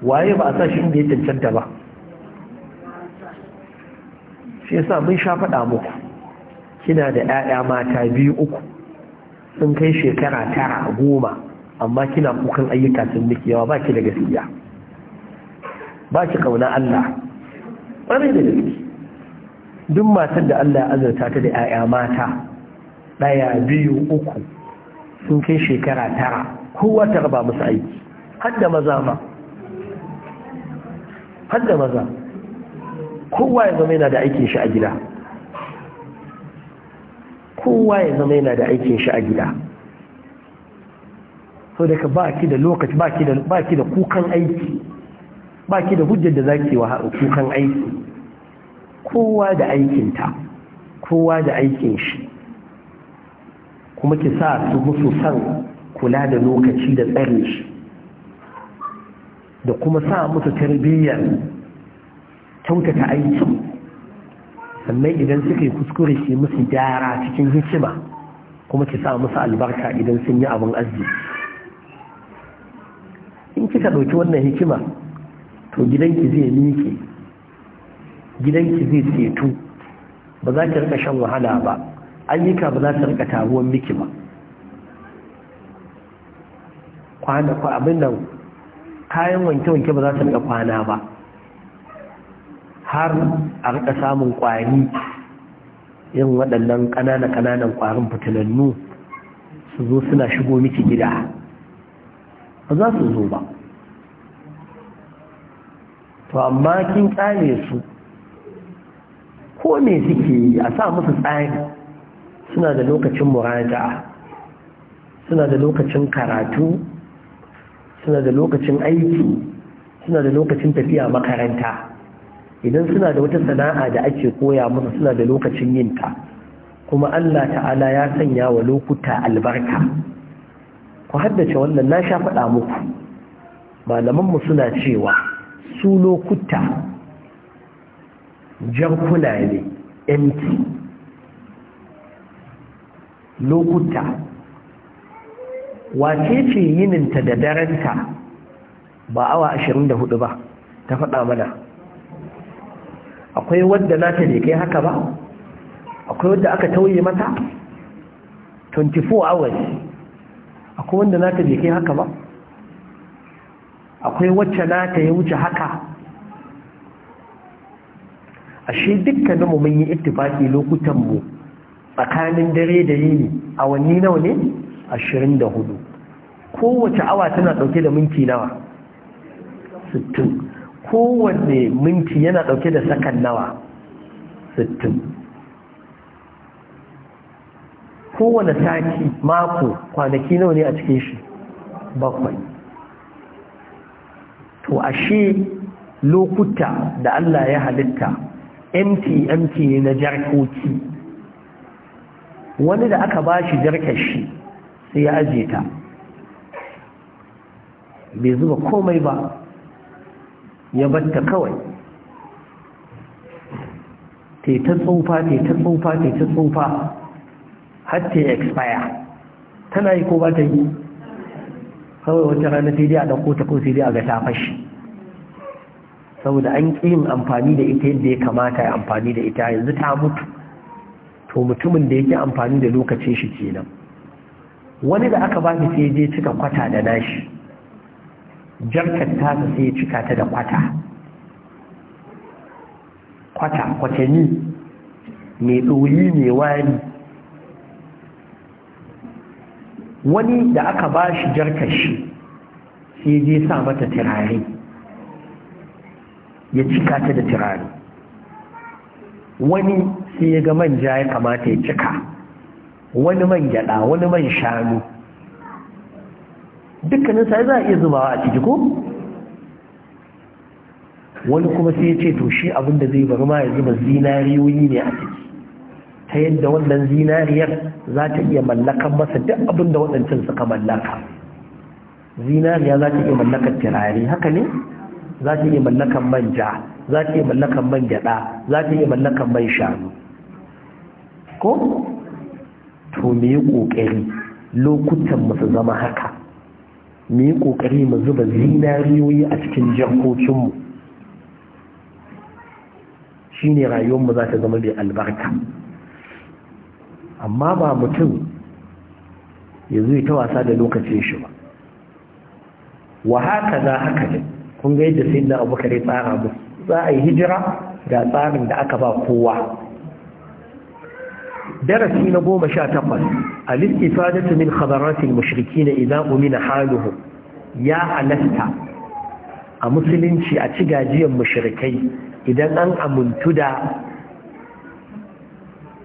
waye ba a sa shi inda ya cancanta ba shi yasa mun sha faɗa muku kina da 'ya'ya mata biyu uku sun kai shekara tara goma amma kina kukan ayyuka sun miki yawa ba ki da gaskiya ba ki kauna Allah ƙwarai da gaske duk matar da Allah ya azurta ta da 'ya'ya mata ɗaya biyu uku sun kai shekara tara kowa ta raba musu aiki hadda maza ma hadda maza kowa ya zama yana da aikin shi a gida kowa ya zama yana da aikin shi a gida so daga baki da lokaci baki da baki da kukan aiki baki da hujjar da zaki wa kukan aiki kowa da aikinta kowa da aikin shi kuma ki sa su musu san kula da lokaci da tsari shi da kuma sa musu tarbiyyar kyautata aiki? sannan idan suka yi kuskure shi musu gyara cikin hikima kuma ki sa musu albarka idan sun yi abin arziki in kika ɗauki wannan hikima to gidanki zai miƙe gidanki zai ceto ba za ki rika shan wahala ba ayyuka ba za su rika taruwan miki ba kwana kwa abin nan kayan wanke-wanke ba za su rika kwana ba har a rika samun kwani yin waɗannan ƙanana-ƙananan ƙwarin fitilannu su zo suna shigo miki gida ba za su zo ba to amma kin kyale su ko me suke yi a sa musu tsari suna da lokacin muraja'a suna da lokacin karatu suna da lokacin aiki suna da lokacin tafiya makaranta idan suna da wata sana'a da ake koya musu suna da lokacin yinta kuma Allah ta'ala ya sanya wa lokuta albarka ku haddace wannan na sha faɗa muku malamanmu suna cewa su lokuta jarkuna ne empty lokuta wace ce yininta da darenta ba awa ashirin da hudu ba ta faɗa mana akwai wadda nata ne kai haka ba akwai wadda aka tauye mata 24 hours akwai wanda nata ta kai haka ba akwai wacce nata ya wuce haka ashe dukkaninmu mun yi ittifaki lokutanmu tsakanin dare da yini awanni nawa ne 24 kowace awa tana dauke da minti nawa 60 kowanne minti yana dauke da sakan nawa 60 kowane sati mako kwanaki nawa ne a cikin shi bakwai to ashe lokuta da Allah ya halitta mtmt ne na jarkoki wani da aka ba shi jarkar shi sai ya ajiye ta bai zuba komai ba ya batta kawai ta tsufa ta tsufa ta tsufa har ta expire tana yi ko ba ta yi kawai wata rana sai dai a ɗauko ta ko sai dai a ga ta fashi saboda an ƙi yin amfani da ita yadda ya kamata ya amfani da ita yanzu ta mutu to mutumin da yake amfani da lokacin shi kenan wani da aka ba shi sai je cika kwata da nashi jarkar tasa sai ya cika ta da kwata kwata kwatani mai ɗoyi mai wani wani da aka ba shi jarkar shi sai je sa mata turare ya cika ta da turare wani sai ya ga manja ya kamata ya cika wani man gyada wani man shanu dukkanin sai za a iya zubawa a ciki ko wani kuma sai ya ce to shi abin da zai bari ma ya zuba zinariyoyi ne a ciki ta yadda wannan zinariyar za ta iya mallakan masa duk abin da waɗancan suka mallaka zinariya za ta iya mallakan turare haka ne za ta iya mallakan manja za ta iya mallakan man gyada za ta iya mallakan man shanu ko to me yi ƙoƙari lokutan masu zama haka mu yi ƙoƙari mu zuba zinariyoyi a cikin jarkokinmu shi ne rayuwanmu za ta zama mai albarka amma ba mutum ya zuwa ta wasa da lokacin shi ba wa haka za haka ne kun ga yadda sai na abu kare tsara mu za a yi hijira da tsarin da aka ba kowa darasi na goma sha takwas al-istifadatu min mushiriki mushrikin idan umina haluhum ya halasta a musulunci a ci gajiyar mushrikai idan an amuntu da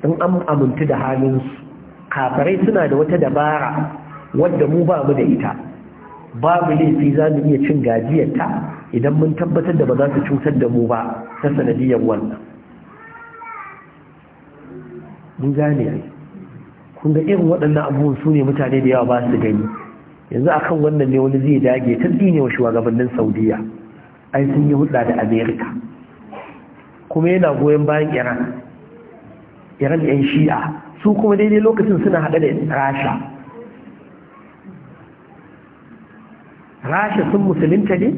halin su. amintu kafarai suna da wata dabara wadda mu bamu da ita babu laifi za mu iya cin gajiyarta idan mun tabbatar da ba za su cutar da mu ba ta sanadiyar wannan mun gane ne kun ga irin waɗannan abubuwan su ne mutane da yawa ba su gani yanzu a kan wannan ne wani zai dage ta dine wa shugabannin saudiya ai sun yi hudda da amerika kuma yana goyon bayan iran iran yan shi'a su kuma daidai lokacin suna haɗa da rasha rasha sun musulunta ne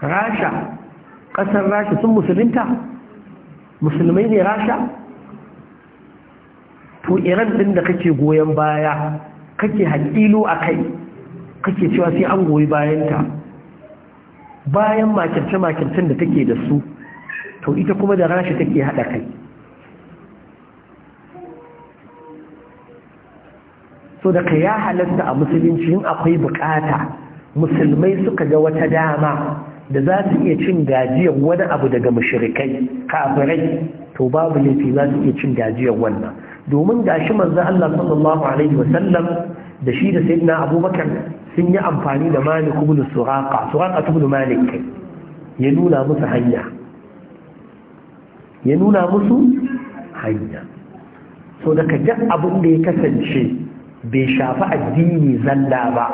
rasha ƙasar rasha sun musulunta musulmai ne rasha to iran din da kake goyon baya kake haƙilo a kai kake cewa sai an goyi bayanta bayan makirce-makircen da take da su to ita kuma da rasha take haɗa kai so da ka ya halatta a musulunci yin akwai bukata musulmai suka ga wata dama da za su iya cin gajiyar wani abu daga mashirikai kafirai to babu laifi za su iya cin gajiyar wannan domin gashi manzo Allah sallallahu alaihi wasallam da shi da sayyidina Abubakar sun yi amfani da Malik ibn Suraqa Suraqa ibn Malik ya nuna musu hanya ya nuna musu hanya so daga duk abin da ya kasance bai shafi addini zalla ba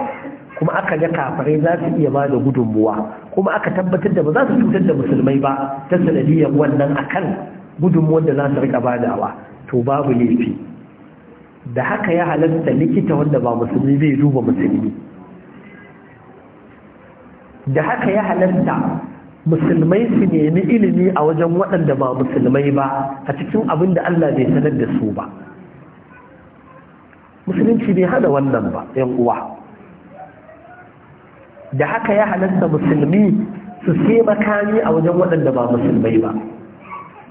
kuma aka ga kafirai za su iya ba da gudunmuwa kuma aka tabbatar da ba za su cutar da musulmai ba ta sanadiyar wannan akan gudunmuwar da za su rika badawa to babu laifi da haka ya halatta likita wanda ba musulmi zai duba musulmi da haka ya halatta musulmai su nemi ilimi a wajen waɗanda ba musulmai ba a cikin abin da Allah bai sanar da su ba musulunci bai hana wannan ba 'yan uwa da haka ya halatta musulmi su sai makami a wajen waɗanda ba musulmai ba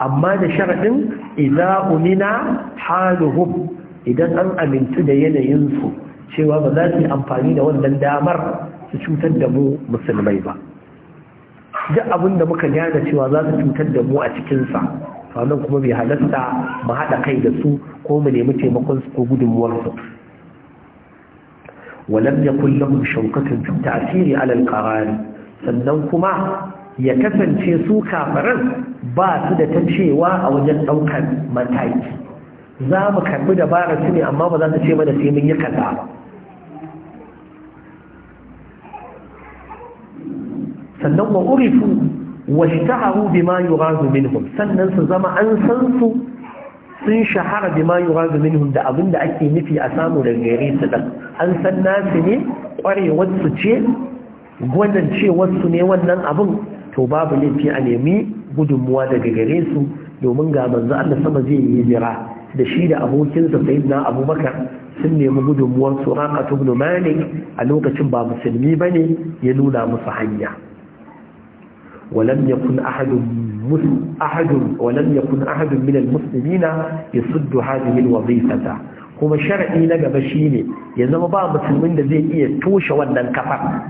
amma da sharaɗin idza umina haluhum idan an amintu da yanayinsu cewa ba za su amfani da wannan damar su cutar da mu musulmai ba duk abin da muka gane cewa za su cutar da mu a cikinsa anan kuma bai halatta mu haɗa kai da su ko mu nemi taimakon su ko gudunmuwarsu ولم يكن لهم شوكة في التأثير على القرار سننكما يكفن في سوكا فرن باسدة تنشيوا أو جن أوكا متايت زام كرب دبارة سنة أما بذان تشيما نسيمين يكذا سننما أرفوا واشتهروا بما يغاز منهم سننس زما أنسنسوا sun shahara bi ma yuradu minhum da abin da ake nufi a samu daga gare su dan an san nasu ne kwarewar su ce gwanin ce wasu ne wannan abin to babu laifi a nemi gudunmuwa daga gare su domin ga manzo Allah sama zai yi jira da shi da abokinsa sayyidina Abubakar sun nemi gudunmuwar Suraqah ibn Malik a lokacin ba musulmi bane ya nuna musu hanya ولم يكن أحد أحد ولم يكن أحد من المسلمين يصد هذه الوظيفة kuma shar'i na gaba shine ya zama ba musulmin da zai iya toshe wannan kafa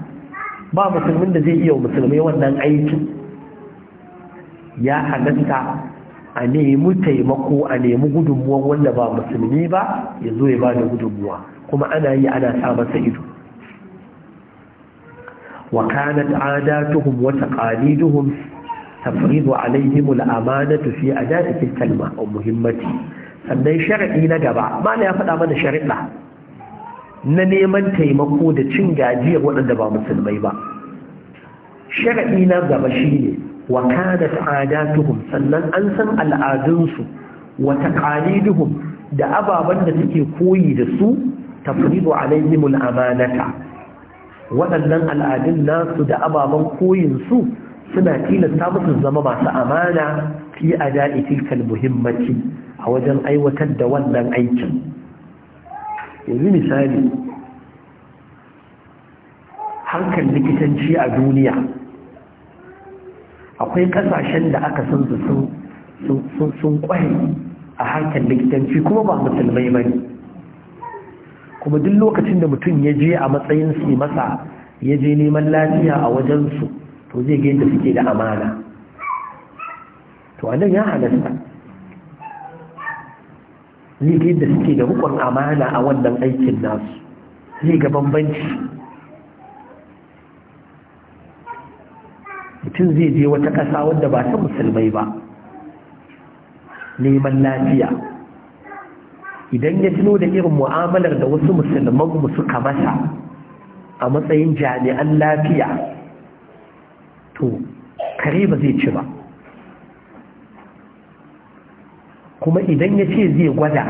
ba musulmin da zai iya musulmai wannan aiki ya halatta a nemi taimako a nemi gudunmuwan wanda ba musulmi ba ya zo ya ba da gudunmuwa kuma ana yi ana sa masa ido وكانت عاداتهم وتقاليدهم تفرض عليهم الأمانة في أداء تلك المهمة sannan shari'i na gaba mana ya faɗa mana shari'a na neman taimako da cin gajiyar waɗanda ba musulmai ba shari'i na gaba shine wa kana ta'adatuhum sannan an san al'adunsu wa taqaliduhum da ababen da suke koyi da su tafridu alaihim amanata. waɗannan al'adun nasu da ababen koyinsu suna tilasta musu zama masu amana fi a da'i tilkal muhimmanci a wajen aiwatar da wannan aikin yanzu misali harkar likitanci a duniya akwai ƙasashen da aka san su sun kwai a harkar likitanci kuma ba musulmai bane kuma duk lokacin da mutum ya je a matsayin su masa ya je neman lafiya a wajensu to zai ga yadda suke da amana to a nan ya halasta zai ga yadda suke da rukun amana a wannan aikin nasu zai ga bambanci mutum zai je wata ƙasa wadda ba ta musulmai ba neman lafiya idan ya tuno da irin mu'amalar da wasu musulman mu suka masa a matsayin jami'an lafiya to kare ba zai ci ba kuma idan ya ce zai gwada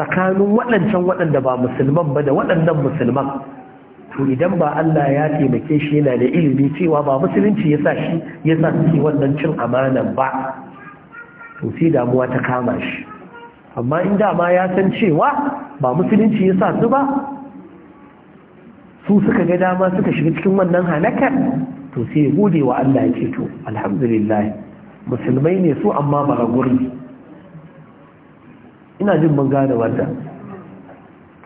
tsakanin waɗancan waɗanda ba musulman ba da waɗannan musulman to idan ba Allah ya taimake shi yana da ilimi cewa ba musulunci ya sa shi ya sa wannan cin amanan ba to sai damuwa ta kama shi amma in dama ya san cewa ba musulunci ya sa su ba su suka ga dama suka shiga cikin wannan halakar to sai gode wa Allah ya ce to alhamdulillah musulmai ne su amma ba gurbi ina jin mun gane wanda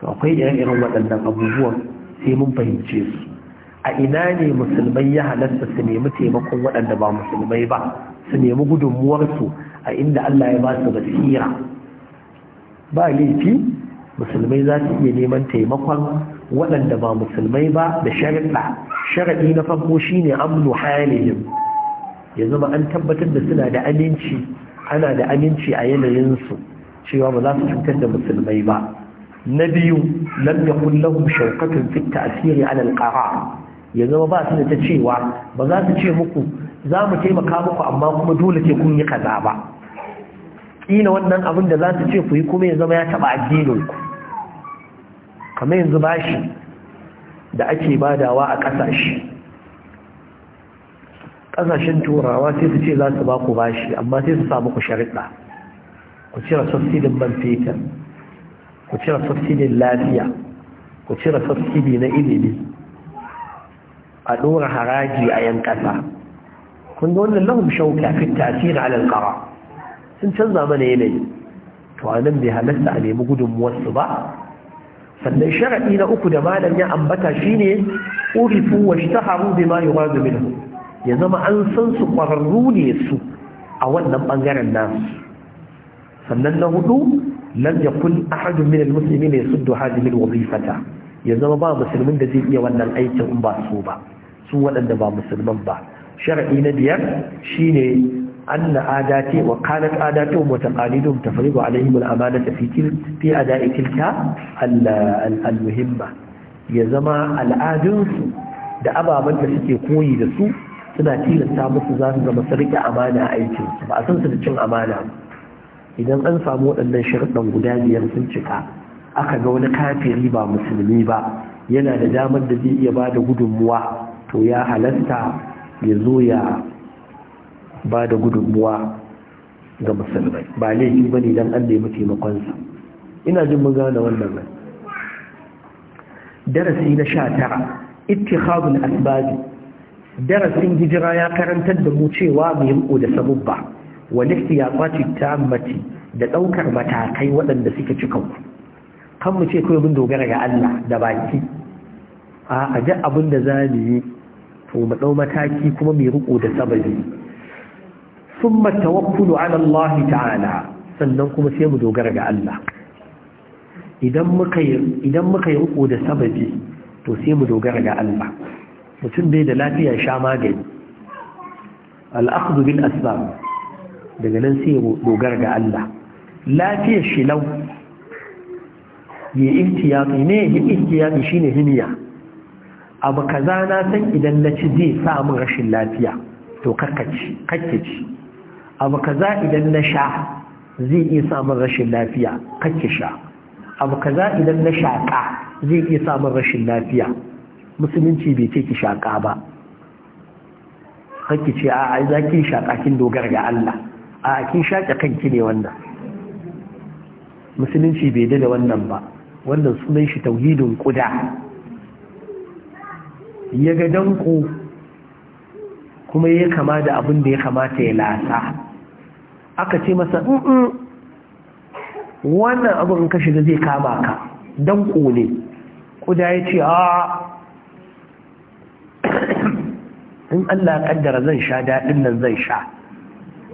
to akwai irin waɗannan abubuwan sai mun fahimce su a ina ne musulmai ya halatta su nemi taimakon waɗanda ba musulmai ba su nemi gudunmuwarsu a inda Allah ya ba su basira ba laifi musulmai za su iya neman taimakon waɗanda ba musulmai ba da sharaɗa sharaɗi na farko shine amnu halihim ya zama an tabbatar da suna da aminci ana da aminci a yanayinsu cewa ba za su cutar da musulmai ba na biyu lam yakun lahum shawqatun fi ta'siri 'ala al-qarar ya zama ba su da ta cewa ba za su ce muku za mu taimaka muku amma kuma dole ke kun yi kaza ba kila wannan abin da za su ce ku yi kuma ya zama ya taɓa addinin ku kamar yanzu bashi da ake badawa a ƙasashe ƙasashen turawa sai su ce za su ba ku bashi amma sai su samu ku shariɗa ku cire subsidin man fetur ku cire subsidin lafiya ku cire subsidi na ilimi a ɗora haraji a yan ƙasa kun da wannan lahum shauka fi tasiri alal sun canza mana yanayi to a nan bai halatta a nemi gudunmuwarsu ba sannan sharaɗi na uku da malam ya ambata shine urifu wa shtaharu bima yuradu minhu ya zama an san su ƙwararru ne su a wannan bangaren nasu sannan na hudu lam yakun ahadun min almuslimin yasuddu hadhihi alwazifata ya zama ba musulmin da zai iya wannan aikin in ba su ba su waɗanda ba musulman ba sharaɗi na biyar shine أن عاداتي وكانت عاداتهم وتقاليدهم تفرض عليهم الأمانة في تلك في أداء تلك المهمة يزما العادنس da ababen da suke koyi da su suna tilasta musu za su zama sarki amana a aikin ba a san su da cin amana idan an samu waɗannan sharuɗan guda biyar sun cika aka ga wani kafiri ba musulmi ba yana da damar da zai iya bada da to ya halasta ya zo ya ba da gudunmuwa ga musulmai ba laifi ba ne don nemi taimakon sa. ina jin mun gane wannan rai darasi na sha tara ittikhadul asbabi darasin hijira ya karantar da mu cewa mu yanko da sabubba wa ta mati, da daukar matakai waɗanda suke ku kan mu ce kawai mun dogara ga Allah da baki a ji abin da zamu yi to mu ɗau mataki kuma mu riko da sababi ثم التوكل على الله تعالى sannan kuma sai mu dogara ga Allah idan muka yi idan muka yi uku da sababi to sai mu dogara ga Allah mutum bai da lafiya sha magani al-akhdhu bil asbab daga nan sai mu dogara ga Allah lafiyar shilau ya ihtiyati ne ya ihtiyati shine himiya abu kaza na san idan na ci zai sa min rashin lafiya to kakkaci kakkaci abu kaza idan na sha zai iya samun rashin lafiya kake sha abu kaza idan na shaƙa zai iya samun rashin lafiya musulunci bai ce ki shaƙa ba kake ce a ai za ki shaƙa kin dogara ga Allah a kin shaƙa kanki ne wannan musulunci bai dade wannan ba wannan sunan shi tauhidin kuda ya ga danko kuma ya kama da abin da ya kamata ya lasa aka ce masa wannan abin ka shiga zai kama ka don kone kuda ya ce a in Allah kaddara zan sha daɗin nan zan sha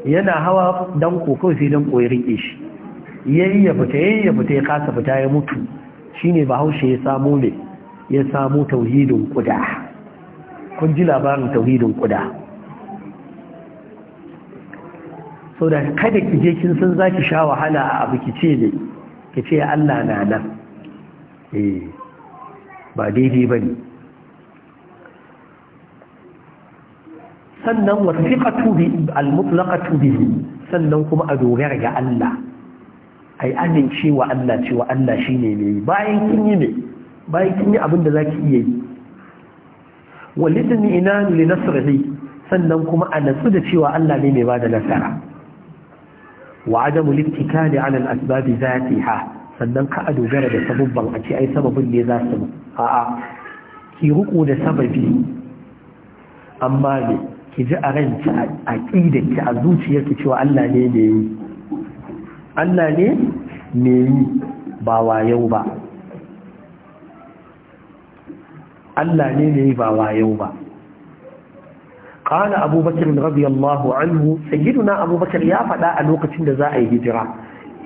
yana hawa don koko sai dan koyi riƙe shi yayi ya fita ya fita ya kasa fita ya mutu shine bahaushe ya samu ne ya samu tauhidin kuda kun ji labarin tauhidin kuda sau da kada ki je kin san za ki sha wahala a abu ki ce ne ki ce Allah na nan eh ba daidai ba ne sannan wasiƙatu bi al-mutlaqatu bihi sannan kuma a dogara ga Allah ai amincewa Allah cewa Allah shine ne bayan kin yi ne bayan kin yi abin da zaki iya yi walidni ina li nasrihi sannan kuma a natsu da cewa Allah ne mai bada nasara wa adamu littikali ala al-asbab zatiha sannan ka dogara da sababban a ce ai sababin ne za su a'a ki ruku da sababi amma ne ki ji a ran a ki a ki cewa Allah ne ne yi Allah ne ne yi ba wayau ba Allah ne ne yi ba ba قال أبو بكر رضي الله عنه سيدنا أبو بكر يا فلا ألوك تند هجرة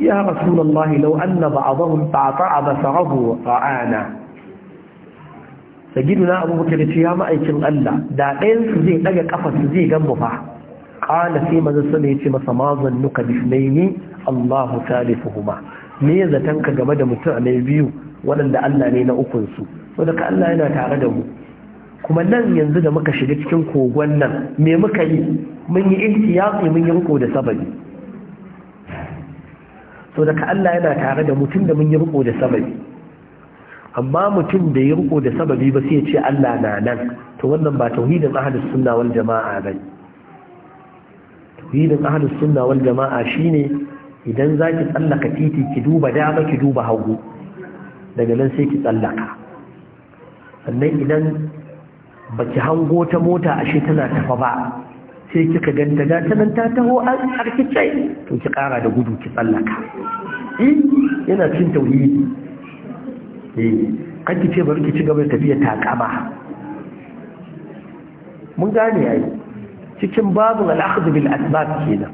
يا رسول الله لو أن بعضهم تعطع بصره رآنا سيدنا أبو بكر يا مأيكم ألا داقين زي لقى قفص زي جنبه قال في ماذا سميت ما ظنك باثنين الله ثالثهما me zatanka game da mutum a biyu waɗanda Allah ne na ukunsu wadda ka Allah yana tare da mu kuma nan yanzu da muka shiga cikin kogon nan me muka yi mun yi ihtiyati mun yi riko da sababi so daga Allah yana tare da mutum da mun yi riko da sababi amma mutum da ya riko da sababi ba sai ya ce Allah na nan to wannan ba tauhidin ahlus sunna wal jama'a ba tauhidin ahlus sunna wal jama'a shine idan zaki tsallaka titi ki duba dama ki duba hagu daga nan sai ki tsallaka sannan idan Ba ki hango ta mota ashe tana tafa ba sai kika ganta ga ta nan ta taho an arkice to ki kara da gudu ki tsallaka eh yana cin tauhidi eh kanki ce bari ki ci gaba da tafiya takama mun gane ai cikin babu al akhd bil asbab kenan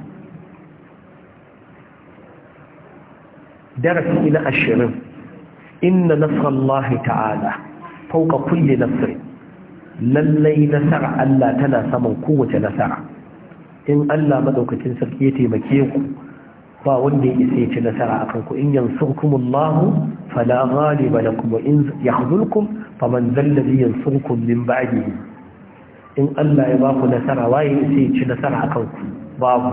darasi na ashirin. inna nasrallahi ta'ala fawqa kulli nasrin lallai nasara Allah tana saman kowace nasara in Allah madaukakin sarki ya taimake ku ba wanda ya isa ya ci nasara akan ku in yansurkumullahu fala ghaliba lakum wa in yakhzulkum faman zalladhi yansurkum min ba'dihi in Allah ya ba ku nasara wa ya isa ya ci nasara akan ku babu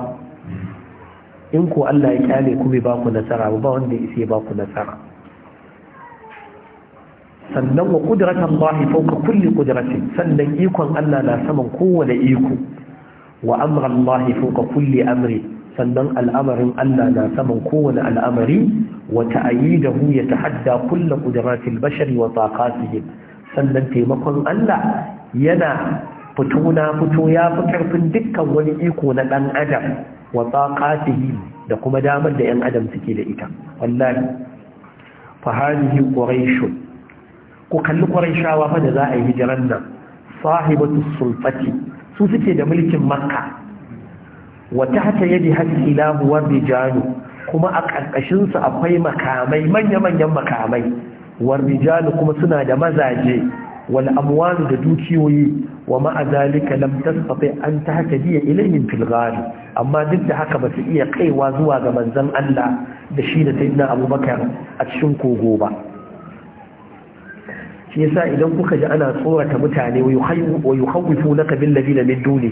in ko Allah ya kyale ku bai ba ku nasara ba wanda ya isa ya ba ku nasara sannan wa ƙudratan bahi fauka kulli ƙudratin sannan ikon Allah na saman kowane iko wa amran bahi fauka kulli amri sannan al'amarin Allah na saman kowane al'amari wa ta'ayyidahu ya tahadda kulla ƙudratil bashari wa taqasihim sannan taimakon Allah yana fito na fito ya fi ƙarfin dukkan wani iko na ɗan adam wa taqatihi da kuma damar da 'yan adam suke da ita wallahi fa hadihi ku kalli ƙwarai fa da za a yi hijiran nan sahibatu sulfati su suke da mulkin makka wa tahta yadi hasilahu wa rijalu kuma a ƙarƙashinsu su akwai makamai manya-manyan makamai wa kuma suna da mazaje wal amwalu da dukiyoyi wa ma'azalika zalika lam tastati an haka ilayhim fil ghali amma duk da haka ba su iya kaiwa zuwa ga manzon Allah da shi da sayyidina Abubakar a cikin kogo ba shi yasa idan kuka ji ana tsorata mutane wa yukhawwifu naka bil ladina min duni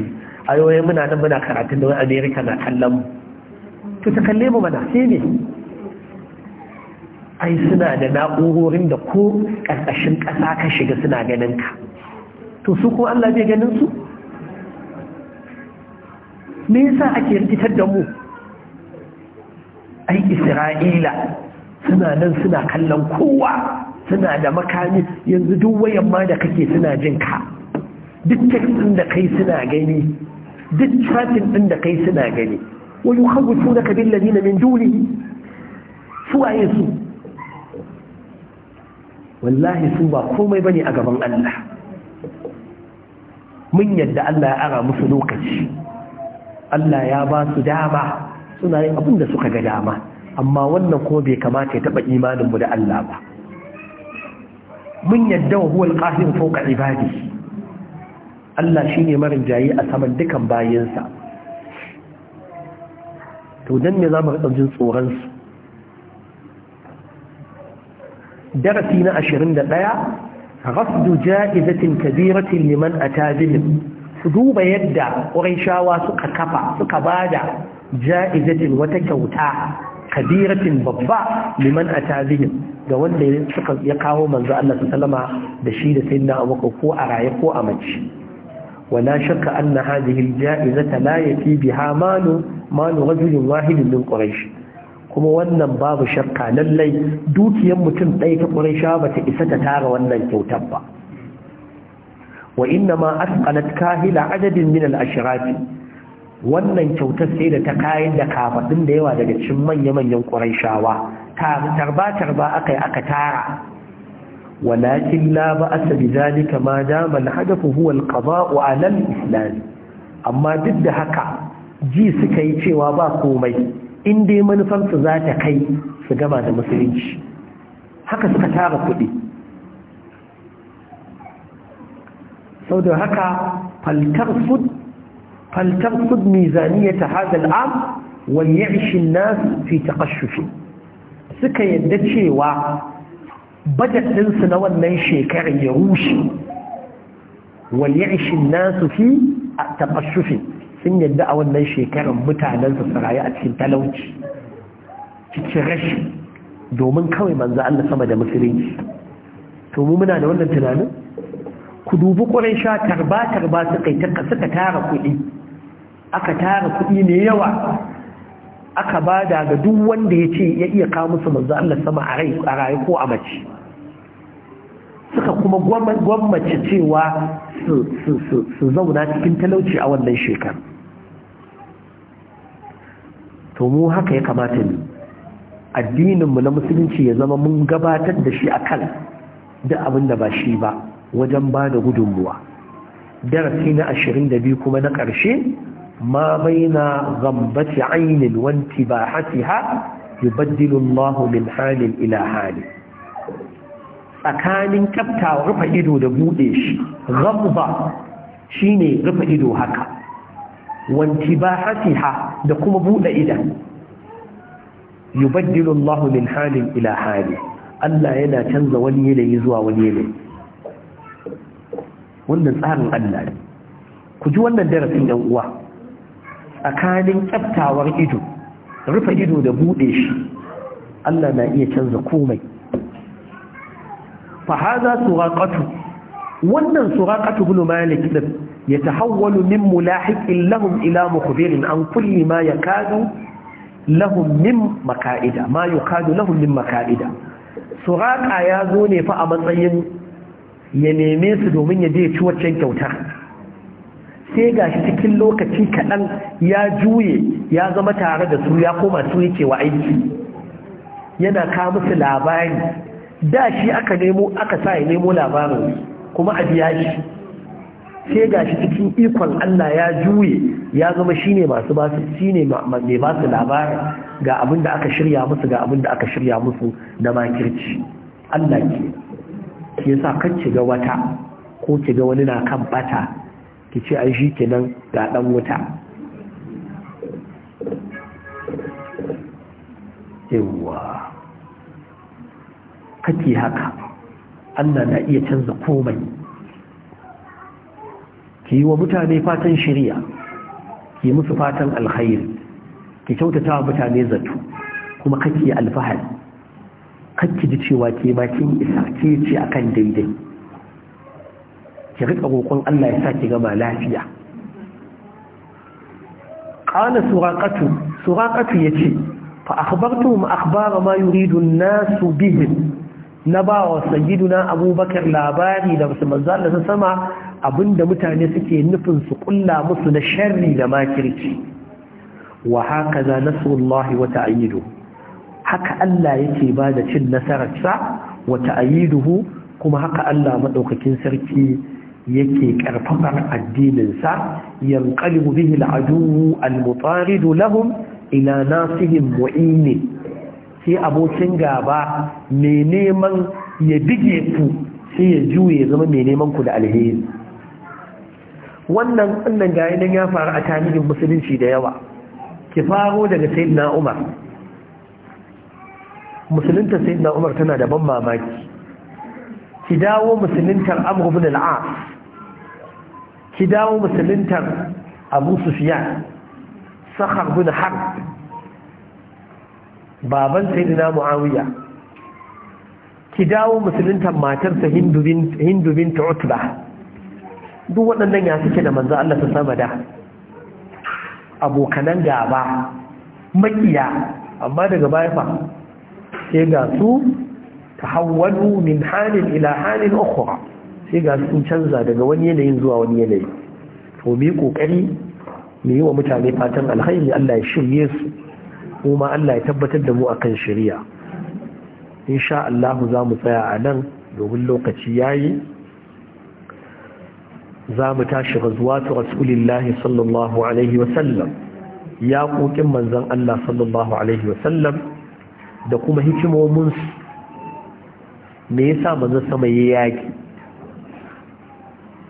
ayoyi muna nan muna karatun da America na kallon mu to ta kalle mu mana sai ne ai suna da na'urorin da ko karkashin ƙasa ka shiga suna ganin ka to su ko Allah bai ganin su me yasa ake rikitar da mu ai Isra'ila suna nan suna kallon kowa suna da makami yanzu duk wayan ma da kake suna jin ka duk text din da kai suna gani duk chatting din da kai suna gani wa yukhawifunaka bil ladina min dunihi su waye su wallahi su ba komai bane a gaban Allah mun yadda Allah ya ara musu lokaci Allah ya ba su dama suna yin abin da suka ga dama amma wannan kuma bai kamata ya taba imaninmu da Allah ba mun yadda wa huwal qahiru fawqa ibadihi Allah ne marin jayi a saman dukan bayansa to dan me mu rika jin tsoron su darasi na 21 ghasdu ja'izatin kabiratin liman a bihim su duba yadda quraishawa suka kafa suka bada ja'izatin wata kyauta kabiratin babba liman a tazihin ga wanda ya kawo manzo Allah sallama da shi da sayyidina Abubakar ko a raye ko a mace wala shakka anna hadhihi aljaizata la yati biha malu malu rajulin wahidin min quraish kuma wannan babu shakka lallai dukiyar mutum ɗaya ta ba bata isa ta tara wannan kyautar ba wa inna ma asqalat kahila adadin min al-ashrati wannan kyautar sai da ta kayan da kafaɗin da yawa daga cikin manya-manyan ƙuraishawa tarba-tarba aka yi aka tara walakin la ba a sabi zalika ma dama na hadafu huwa alƙaba wa alal islami amma duk da haka ji suka yi cewa ba komai in dai manufarsu za ta kai su gama da musulunci haka suka tara kuɗi sau da haka faltar sud فلترصد ميزانية هذا العام وليعش الناس في تقشف suka yadda cewa bajet ɗinsu na wannan shekarar ya rushe waliyashin nasu fi a taɓashufi sun yadda a wannan shekarar mutanensu su rayu a cikin talauci cikin rashi domin kawai manzo Allah sama da musulunci to muna da wannan tunanin ku dubi ƙwarai sha tarba tarba suka yi tara kuɗi aka tara kuɗi mai yawa aka bada ga duk wanda ya ce ya iya kawo musu manzo Allah sama a rai a rai ko a mace suka kuma gwammace cewa su zauna cikin talauci a wannan shekaru. to mu haka ya kamata ne addininmu na musulunci ya zama mun gabatar da shi a kan duk abin da ba shi ba wajen ba da gudunmuwa darasi na 22 kuma na ƙarshe ما بين غمضة عين وانتباحتها يبدل الله من حال إلى حال tsakanin kyafta rufe ido da buɗe shi gamza shine rufe ido haka wanti ba hasiha da kuma buɗe idan yubaddilu Allah min halin ila hali Allah yana canza wani yanayi zuwa wani yanayi wannan tsarin Allah ne ku ji wannan darasin yan uwa tsakanin kyaftawar ido rufe ido da buɗe shi Allah na iya canza komai fahaza suraqatu wannan suraqatu ibn malik din yatahawwalu min mulahiqin lahum ila mukhbirin an kulli ma yakadu lahum min makaida ma yakadu lahum min makaida suraqa ya zo ne fa a matsayin ya neme su domin ya je ci waccan kyautar sai gashi cikin lokaci kaɗan ya juye ya zama tare da su ya koma su yake wa aiki yana ka musu labari da shi aka nemo aka sa ya nemo labarin kuma a biya shi sai gashi cikin ikon Allah ya juye ya zama shine masu mai basu labarin ga abin da aka shirya musu ga abin da aka shirya musu na makirci Allah ke ke sa kan ga wata ko ki ga wani na kan bata ki ce an shi nan ga dan wuta yawwa kake haka Allah na iya canza komai ki yi wa mutane fatan shirya ki musu fatan alkhairi ki kyautata wa mutane zato kuma kake alfahari kake ji cewa ke bakin isa ke ce akan daidai ki rika roƙon Allah ya sa ki gama lafiya qala suraqatu suraqatu yace fa akhbartuhum akhbara ma yuridu an-nas na bawa sayidu sayyiduna abubakar labari da manzo Allah sama abinda mutane suke nufin su kulla musu na sharri da makirci wa hakaza nasrullahi wa ta'yidu haka Allah yake ba da cin nasararsa wa ta'yiduhu kuma haka Allah madaukakin sarki yake karfafar addininsa yanqalibu bihi al'adu al-mutarid lahum ila nasihim mu'ini sai abokin gaba ne neman ya bige ku sai ya juye zama mai neman ku da alheri wannan annan gaya nan ya faru a tarihin musulunci da yawa ki faro daga sayyidina Umar musulunta sayyidina Umar tana da ban mamaki ki dawo musuluntar Amr ibn al-As ki dawo musuluntar abu sufiyan sahar bin harb baban sayyidina muawiya ki dawo musuluntar matarsa hindu bint duk waɗannan ya suke da manzo Allah ta sama da abokanan gaba makiya amma daga baya fa sai ga su tahawwalu min halin ila halin ukhra sai ga sun canza daga wani yanayin zuwa wani yanayi to mu yi kokari mu yi wa mutane fatan alkhairi Allah ya shirye su kuma Allah ya tabbatar da mu akan shari'a sha Allah za mu tsaya a nan domin lokaci ya yi. za mu tashi ta rasulillahi sallallahu alaihi wa ya kokin manzon Allah sallallahu alaihi wa da kuma hikimominsu. me yasa manzan sama ya yaki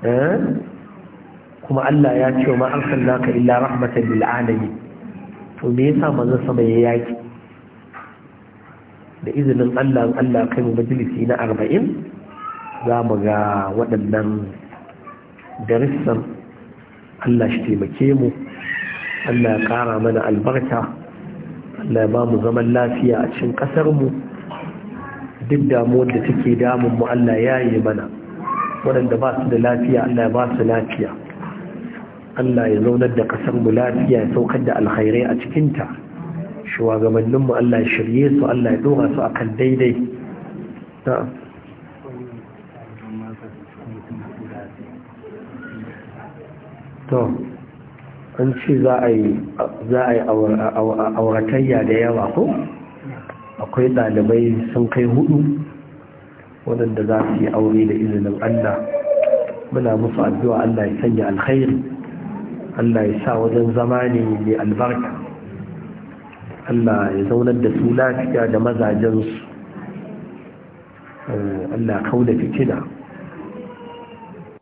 Eh? kuma Allah ya ce ma naka illa rahmatan lil alamin to me yasa manzon sama ya yaki da izinin Allah Allah kai mu majalisi na 40 za mu ga waɗannan darussan Allah shi taimake mu Allah ya ƙara mana albarka Allah ya ba mu zaman lafiya a cikin mu duk damuwar da take damun mu Allah ya yi mana waɗanda ba su da lafiya Allah ya ba su lafiya Allah ya zaunar da ƙasar mu lafiya ya saukar da alkhairai a cikinta shugabannin mu Allah ya shirye su Allah ya dora su akan daidai to an ce za a yi auratayya da yawa ko akwai ɗalibai sun kai hudu waɗanda za su yi aure da izinin Allah muna musu addu'a Allah ya sanya alkhairi Allah ya sa wajen zama ne mai albarka Allah ya zaunar da su lafiya da mazajensu eh, Allah da fitina